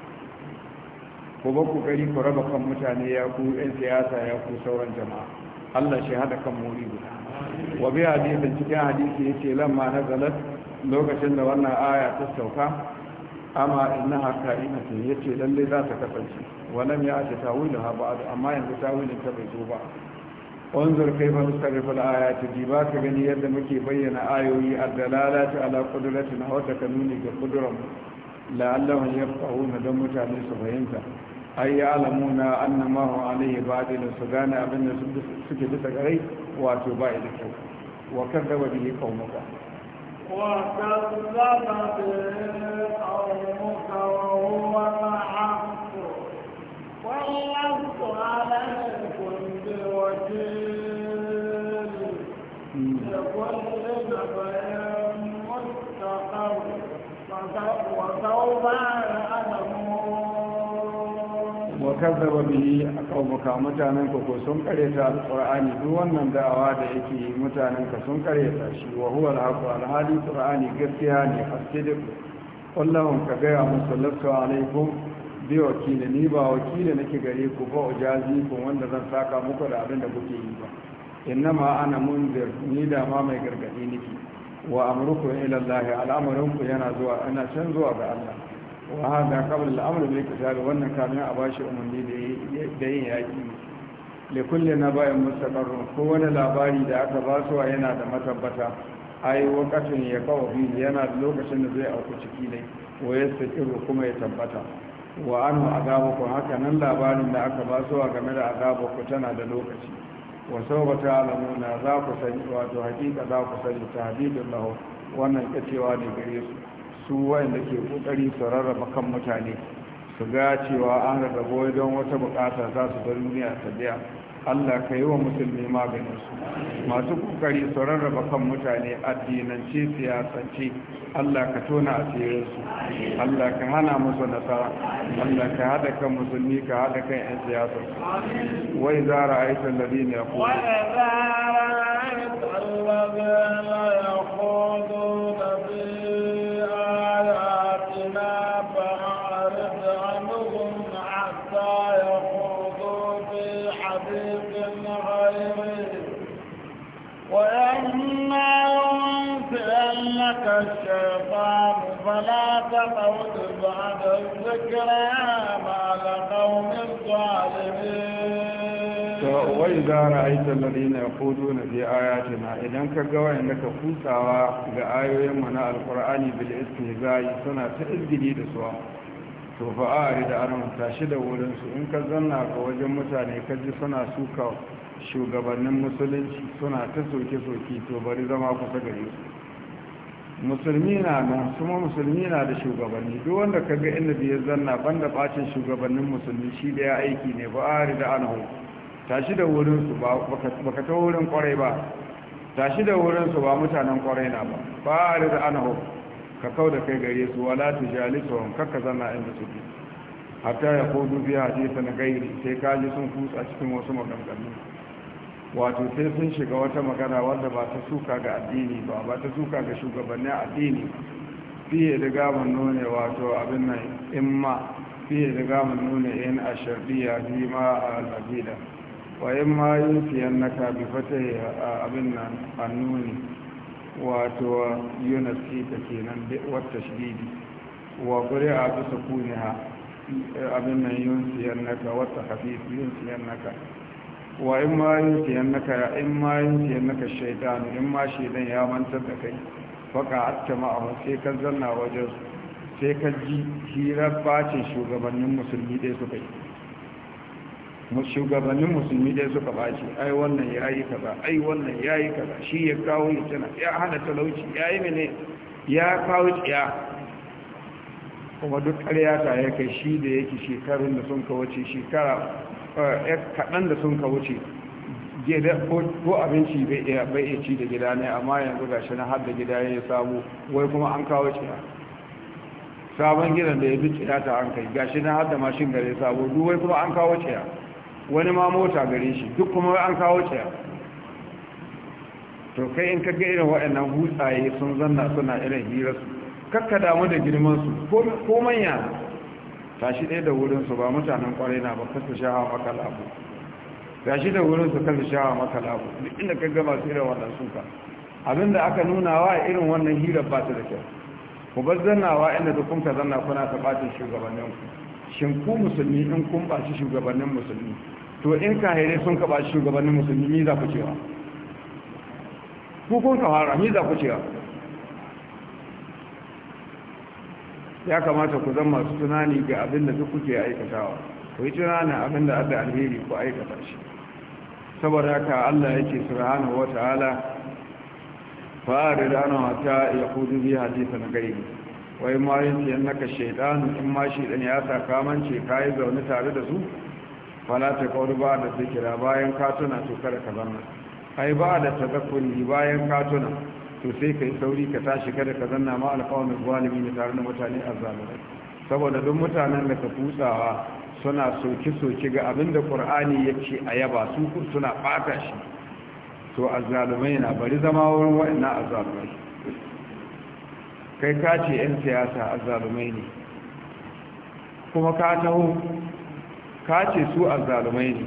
ku ba kokari ku raba kan mutane ya ku 'yan siyasa ya ku sauran jama'a Allah shi hada kan muri guda wa bi hadisin cikin hadisi yace lamma nazalat lokacin da wannan aya ta sauka amma innaha ka'inatun yace lalle za ta kasance walam ya ta tawilu ha ba'd amma yanzu tawilin ta bai zo ba unzur kayfa nusarrifu al-ayati bi ba ka gani yadda muke bayyana ayoyi ad-dalalati ala qudratina wa takanuni ga qudran la'allahum yafqahuna dan mutane su fahimta ay ya'lamuna anna ma huwa alayhi ba'dil su gane abin da suke bisa gare wato ba da kyau wa kadaba bihi qaumuka وكذب بالقومك وهو الحق ولست عليكم بوكيل لكل دفع مستقر وسوف يعلمون kazzaba bihi qaumuka mutanen ka ko sun ta alqur'ani duk wannan da'awa da yake mutanen ka sun ta shi wa huwa alhaqu alhali qur'ani gaskiya ne asidiq kullahum ka ga musallallahu alaikum bi wakili ni ba wakili nake gare ku ba ujazi ku wanda zan saka muku da abin da kuke yi ba innama ana munzir ni da ma mai gargadi nake wa amruku ila Allah al'amarinku yana zuwa ana can zuwa ga Allah wa hada qabla al-amr bil qital wannan kamin a bashi umarni da yin da kulle na bayan mustaqarrun ko wani labari da aka ba su yana da matabbata ai wakatin ya kawo fi yana da lokacin da zai auku ciki ne wa ya sakiru kuma ya tabbata wa anhu haka nan labarin da aka ba su game da ku tana da lokaci wa saubata alamuna za ku sani wato hakika za ku sani ta hadidun lahu wannan kacewa ne gare su su wayanda ke kokari su rarraba kan mutane su ga cewa an rarrabo don wata bukata za su bar duniya ta biya Allah ka yi wa musulmi maganin su masu kokari su rarraba kan mutane addinance siyasance Allah ka tona asirin su Allah ka hana musu nasara Allah ka hada kan musulmi ka hada kan yan siyasa wai zara aikin ladina ya ya ku لك الشيطان فلا تقعد بعد الذكرى مع القوم وإذا رأيت الذين يخوضون في آياتنا إذا كجوا إنك فوسوا بآية من القرآن بالاستهزاء سنة تأذجلي لسوا to fa a da aron tashi da wurinsu in ka zanna ga wajen نمسلين سنة تسوكي سوكي suka shugabannin musulunci suna ta musulmi na nan kuma musulmi na da shugabanni duk wanda ka ga inda ya zanna banda bacin shugabannin musulmi shi da ya aiki ne ba ari da anhu tashi da wurin su ba baka ta wurin kwarai ba tashi da wurin su ba mutanen kwarai na ba ba ari da anhu ka kau da kai gare su wala tujalisuhum kakka zanna inda su hatta ya kudu biya na gairi sai kaji sun kutsa cikin wasu maganganu wato sai sun shiga wata magana wanda ba ta suka ga addini ba ba ta suka ga shugabannin addini fiye da gaban nune wato abin nan imma fiye da gaban nune in a shardiya fi ma a al'adida wa in ma yi fiyan na kabi fata abin nan a nune wato yunus ita kenan wata shididi wa kuri a bisa kuniya abin nan yunsiyan naka wata hafifi yunsiyan naka wa in ma ya in ma naka shaytan in ma shaytan ya mantar da kai faka ma a sai ka zanna wajen sai ka ji hirar bacin shugabannin musulmi dai suka yi shugabannin musulmi dai suka baci ai wannan ya yi kaza ai wannan ya yi kaza shi ya kawo ya tana ya hana talauci ya yi mene ya kawo tsiya kuma duk ƙarya ta ya kai shi da yake shekarun da sun kawace shekara Eh, eh, kaɗan da sun ka wuce ko abinci bai iya ci da gida ne amma yanzu ga shi na har da gida ya samu wai kuma an kawo ciya sabon gidan da ya bi ciya ta an kai ga shi na har da mashin gare sabo duk wai kuma an kawo ciya wani ma mota gare shi duk kuma an kawo ciya to kai in ka ga irin waɗannan hutsaye sun zanna suna irin hirarsu kakka damu da girmansu ko manya tashi ɗaya da wurinsu ba mutanen ƙwarai na ba kasa sha'awa maka labu tashi da wurinsu kasa sha'awa maka labu duk inda ka gama su irin wannan suka abinda aka nuna wa irin wannan hirar ba ta da kyau ku bar zannawa inda da kun ka zanna kuna ta ɓatin ku. shin ku musulmi in kun ɓaci shugabannin musulmi to in ka haire sun ka ɓaci shugabannin musulmi ni za ku cewa ku kun ka fara ni za ku cewa ya kamata ku zama masu tunani ga abin da duk kuke aikatawa ku yi tunanin abin da Allah alheri ku aikata shi saboda haka Allah yake subhanahu wataala fa'arid anhu hatta yaqudu bi na gaibi wai ma yace annaka shaytan in ma shaytan ya saka ka kai zaune tare da su fala ta kauri ba da zikira bayan katuna to kada ka zanna ai ba da tadakkuri bayan katuna to sai ka yi sauri ka tashi kada ka zanna ma alƙawamin zalimi da tare da mutane a azzalumai saboda duk mutanen da ka kutsawa suna soke-soke ga abin da ƙur'ani ya ce a yaba su suna ɓata shi to a zalumai na bari zama wurin a zalumai. kai ka ce 'yan siyasa a zalumai ne kuma ka taho ka ce su a zalumai ne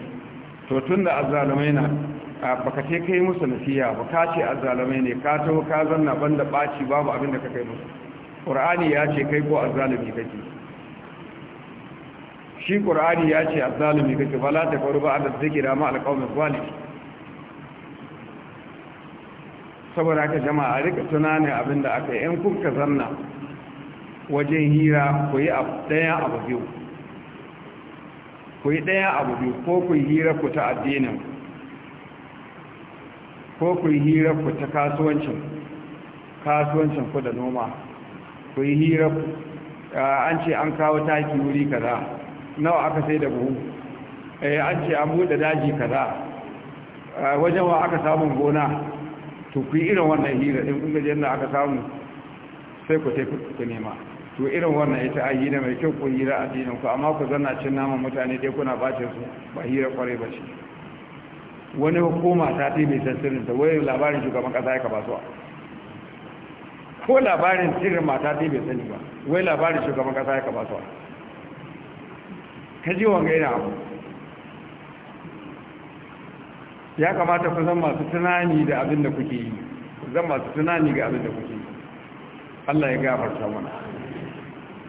to tun da a zalumai na baka ce kai musu nasiya ba ka ce azzalumai ne ka taho ka zanna banda baci babu abin da ka kai musu qur'ani ya ce kai ko azzalumi kake shi qur'ani ya ce azzalumi kake la ta faru ba da zikira ma alqawmi zalim saboda haka jama'a rika tunanin abin da aka yi in kun ka zanna wajen hira ku yi ɗaya abu biyu ku yi ɗaya abu biyu ko ku yi hira ku ta addinin ko ku yi hira ku ta kasuwancin kasuwancin ku da noma ku yi hira ku an ce an kawo taki wuri kaza nawa aka sai da buhu eh, an ce an bude daji kaza wajen wa aka samun gona to ku irin wannan hira din kun ga da aka samu sai ku sai ku nema to irin wannan ita ayi hira mai kyau ku hira a dinin ku amma ku zanna cin naman mutane dai kuna bace su ba hira kwarai ba ce wani hukuma ta ce mai sassirin ta wani labarin shugaban kasa ya ka basuwa? ko labarin sirrin mata ta bai sani ba wai labarin shugaban kasa ya ka basuwa? ka ji wanga yana abu ya kamata ku zan masu tunani da abin da kuke yi zan masu tunani ga abin da kuke yi Allah ya gafarta mana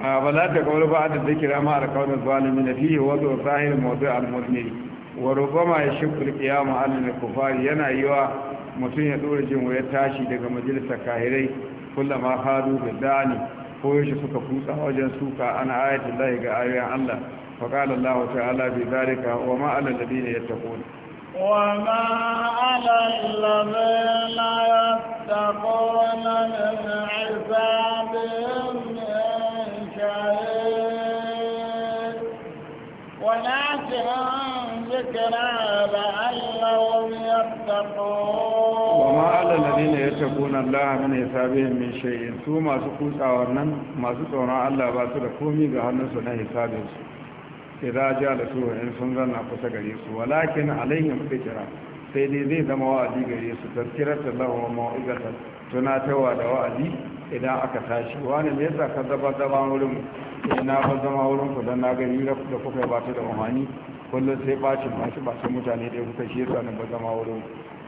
a balata da kawar ba da zikira ma alƙawarin zalimin da fiye wato sahihin mawdu al-muzniri wa rubama ya shukul kiyama alal kufari yana wa mutum ya dora jin waya tashi daga majalisar kahirai kullama hadu da dani ko suka kutsa wajen suka ana ayatul lahi ga ayoyin Allah wa qala Allah ta'ala bi zalika wa ma alal ladina yattaqun wa ma alal ladina yattaqun min 'azabin الذكرى لعلهم يتقون ya على الذين يتقون الله من حسابهم su masu kutsawar nan masu tsoron Allah ba su da komi ga hannunsu na hisabinsu idan ja da su in sun zanna kusa gare su walakin alaihim fikira sai dai zai zama wa'azi gare su ta Allah wa mau'izata tunatarwa da wa'azi idan aka tashi wani me yasa ka zaba zaba wurin na ba zama wurin ku dan na gani da kuka ba ta da umarni kullum sai bacin bashi bacin mutane da ya kuka shi yasa nan ba zama wurin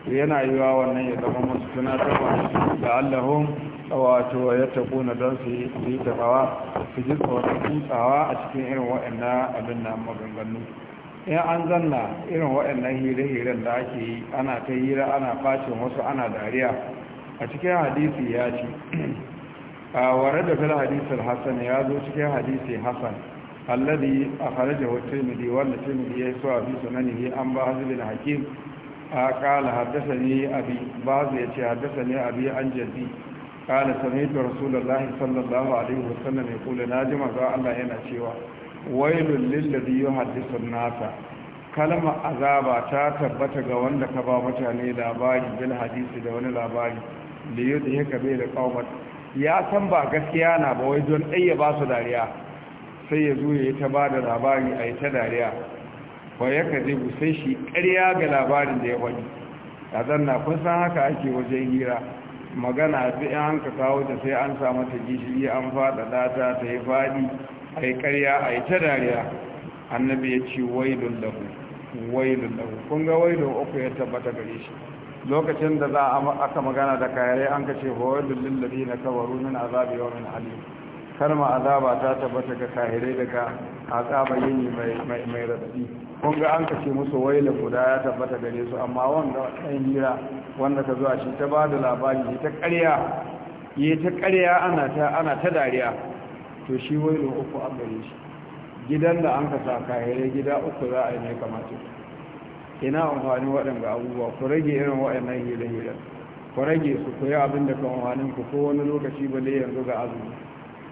yana yiwa wannan ya zama masu tunatarwa da allahun wato ya taƙuna don su yi tafawa su ji tsoron kutsawa a cikin irin waɗannan abin na maganganu in an zanna irin waɗannan hire-hiren da ake yi ana ta hira ana bacin wasu ana dariya a cikin hadisi ya ce a warar da fil hadisul hasan ya zo cikin hadisi Hassan. alladhi akhrajahu at-tirmidhi wa at-tirmidhi yaswa fi sunanihi an ba'd bin hakim قال حدثني أبي بعض يتي حدثني أبي عن جدي قال سمعت رسول الله صلى الله عليه وسلم يقول ناجم Allah الله هنا شيوا ويل للذي يحدث الناس kalma azaba ta tabbata ga wanda ka ba mutane labari bil hadisi da wani labari da da ya san ba gaskiya na ba wai don ɗaya ba su dariya sai ya zo ya yi ta ba da labari a yi ta dariya ba ya ka zai sai shi ƙarya ga labarin da ya wani a zanna kun san haka ake wajen hira magana sai an ka kawo da sai an sa mata gishiri an faɗaɗa ta ta yi faɗi a yi ƙarya a yi ta dariya annabi ya ce wailun lahu wailun lahu kun ga wailun uku ya tabbata gare shi lokacin da za a aka magana da kayare an kace ce wailun na kawaru min azabi yawmin alim kalma azaba ta tabbata ga kahirai daga azaba yini mai mai kun ga an kace musu waila guda ya tabbata gare su amma wanda kai hira wanda ka zo a shi ta bada labari ta ƙarya ye ta ƙarya ana ta ana ta dariya to shi wailo uku a gare shi gidan da an ka sa kahirai gida uku za a yi mai kamata ina amfani waɗanda abubuwa ku rage irin waɗannan hira-hira ku rage su ku yi abin da kan wani ku ko wani lokaci ba yanzu ga azumi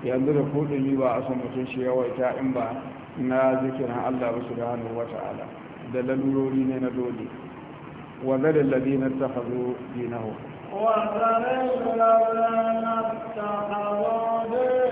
yanzu da kudumi ba a san mutum shi yawaita in ba na zikirin Allah ba su gano wata ala. da lalurori ne na dole wanda da lalina ta hazo dinahu wanda da lalina ta hazo dinahu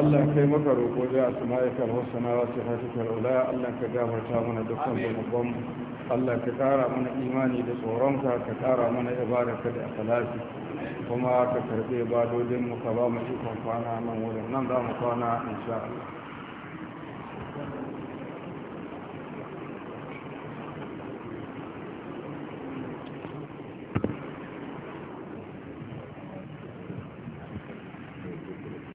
Allah kai maka roƙo da asma'ikal husna wa sifatikal ula Allah ka gafarta mana dukkan zunuban Allah ka ƙara mana imani da tsoronka ka ƙara mana ibadarka da akhlasi kuma ka karɓi badodin mu ka ba mu ikon kwana nan wurin nan za mu kwana insha Allah